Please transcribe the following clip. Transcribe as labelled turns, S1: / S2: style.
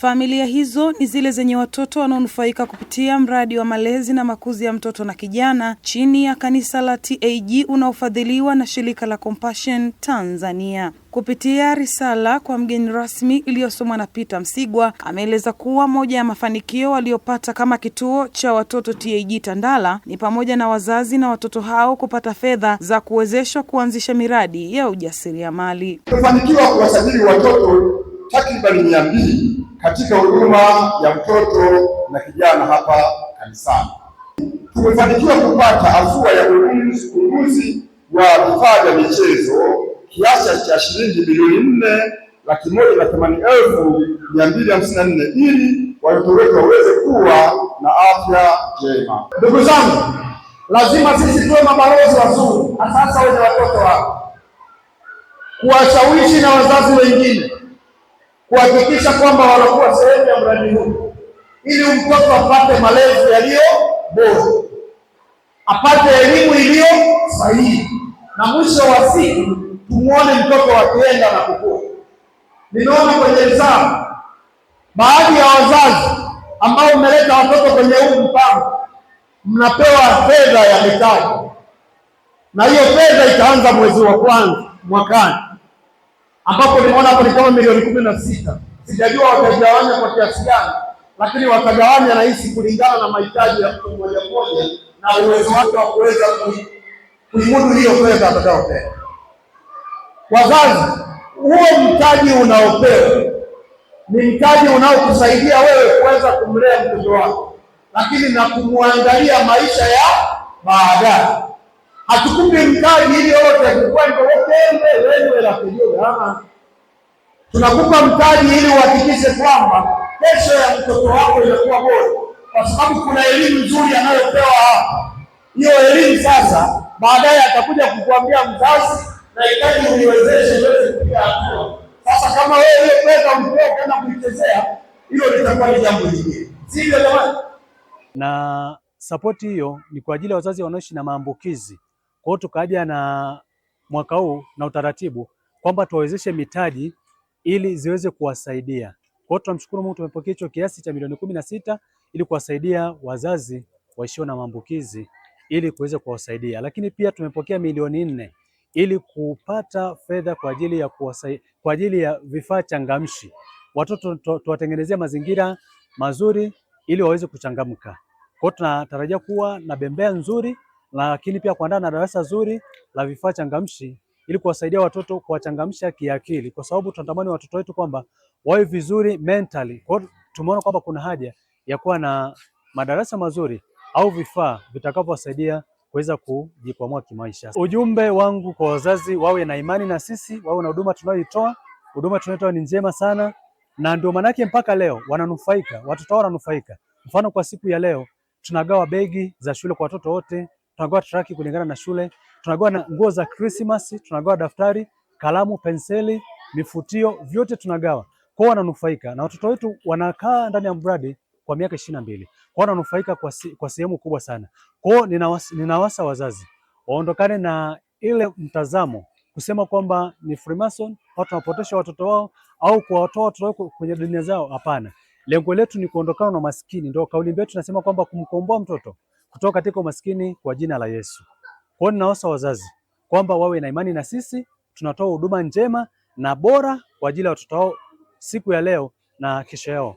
S1: Familia hizo ni zile zenye watoto wanaonufaika kupitia mradi wa malezi na makuzi ya mtoto na kijana chini ya kanisa la TAG unaofadhiliwa na shirika la Compassion Tanzania. Kupitia risala kwa mgeni rasmi iliyosomwa na Peter Msigwa, ameeleza kuwa moja ya mafanikio waliopata kama kituo cha watoto TAG Tandala ni pamoja na wazazi na watoto hao kupata fedha za kuwezeshwa kuanzisha miradi ya ujasiriamali.
S2: Tumefanikiwa kuwasajili watoto takribani mia mbili katika huduma ya mtoto na kijana hapa kanisani. Tumefanikiwa kupata afua ya ununuzi wa vifaa vya michezo kiasi cha shilingi milioni nne laki moja na themanini elfu mia mbili hamsini na nne ili watoto wetu waweze kuwa na afya njema.
S3: Ndugu zangu, lazima sisi tuwe mabalozi wazuri, hasa wenye watoto wao, kuwashawishi na wazazi wengine kuhakikisha kwamba wanakuwa sehemu ya mradi huu, ili mtoto apate malezi yaliyo bora, apate elimu iliyo sahihi, na mwisho wa siku tumwone mtoto akienda na kukua. Nimeona kwenye msara baadhi ya wazazi ambao mmeleta watoto kwenye huu mpango, mnapewa fedha ya mitaji, na hiyo fedha itaanza mwezi wa kwanza mwakani ambapo nimeona hapo ni kama milioni kumi na sita. Sijajua watagawanya kwa kiasi gani, lakini watagawanya rahisi kulingana na mahitaji ya mtu mmoja mmoja na uwezo wake wa kuweza kuimudu hiyo fedha atakayopewa. Wazazi, huo mtaji unaopewa ni mtaji unaokusaidia wewe kuweza kumlea mtoto wako, lakini na kumwangalia maisha ya baadaye hatukumbe mtaji ili yote akikwenda wewe la kujuga, tunakupa mtaji ili uhakikishe kwamba kesho ya mtoto wako inakuwa bora, kwa sababu kuna elimu nzuri anayopewa hapa. Hiyo elimu sasa baadaye atakuja kukuambia mzazi, nahitaji uniwezeshe iweze kupiga hatua. Sasa kama wewe hiyo pesa mtoa kwenda kuichezea, hilo litakuwa ni jambo lingine, sivyo jamani?
S4: Na sapoti hiyo ni kwa ajili ya wazazi wanaoishi na maambukizi kwa hiyo tukaja na mwaka huu na utaratibu kwamba tuwawezeshe mitaji ili ziweze kuwasaidia. Kwa hiyo tunamshukuru Mungu tumepokea hicho kiasi cha milioni kumi na sita ili kuwasaidia wazazi waishio na maambukizi ili kuweza kuwasaidia, lakini pia tumepokea milioni nne ili kupata fedha kwa ajili ya kuwasaidia, kwa ajili ya vifaa changamshi watoto tuwatengenezea mazingira mazuri ili waweze kuchangamka. Kwa hiyo tunatarajia kuwa na bembea nzuri lakini pia kuandaa na darasa zuri la vifaa changamshi ili kuwasaidia watoto kuwachangamsha kiakili, kwa sababu tunatamani watoto wetu kwamba wawe vizuri mentally. Kwa hiyo tumeona kwamba kuna haja ya kuwa na madarasa mazuri au vifaa vitakavyowasaidia kuweza kujikwamua kimaisha. Ujumbe wangu kwa wazazi, wawe na imani na sisi, wawe na huduma tunayoitoa. Huduma tunayotoa ni njema sana, na ndio maanake mpaka leo wananufaika watoto wao, wananufaika. Mfano, kwa siku ya leo tunagawa begi za shule kwa watoto wote tunagawa traki kulingana na shule, tunagawa na nguo za Christmas, tunagawa daftari, kalamu, penseli, mifutio, vyote tunagawa kwa wananufaika na watoto wetu wanakaa ndani ya mradi kwa miaka ishirini na mbili kwao, wananufaika kwa, si, kwa sehemu kubwa sana Kwa hiyo Ninawasa, ninawasa wazazi waondokane na ile mtazamo kusema kwamba ni Freemason watu wanapotosha watoto wao au kuwatoa watoto wao kwenye dunia zao. Hapana, lengo letu ni kuondokana na maskini, ndio kauli mbiu tunasema kwamba kumkomboa mtoto kutoka katika umaskini kwa jina la Yesu. Kwa hiyo ninaosa wazazi kwamba wawe na imani na sisi, tunatoa huduma njema na bora kwa ajili ya watoto wao siku ya leo na kesho yao.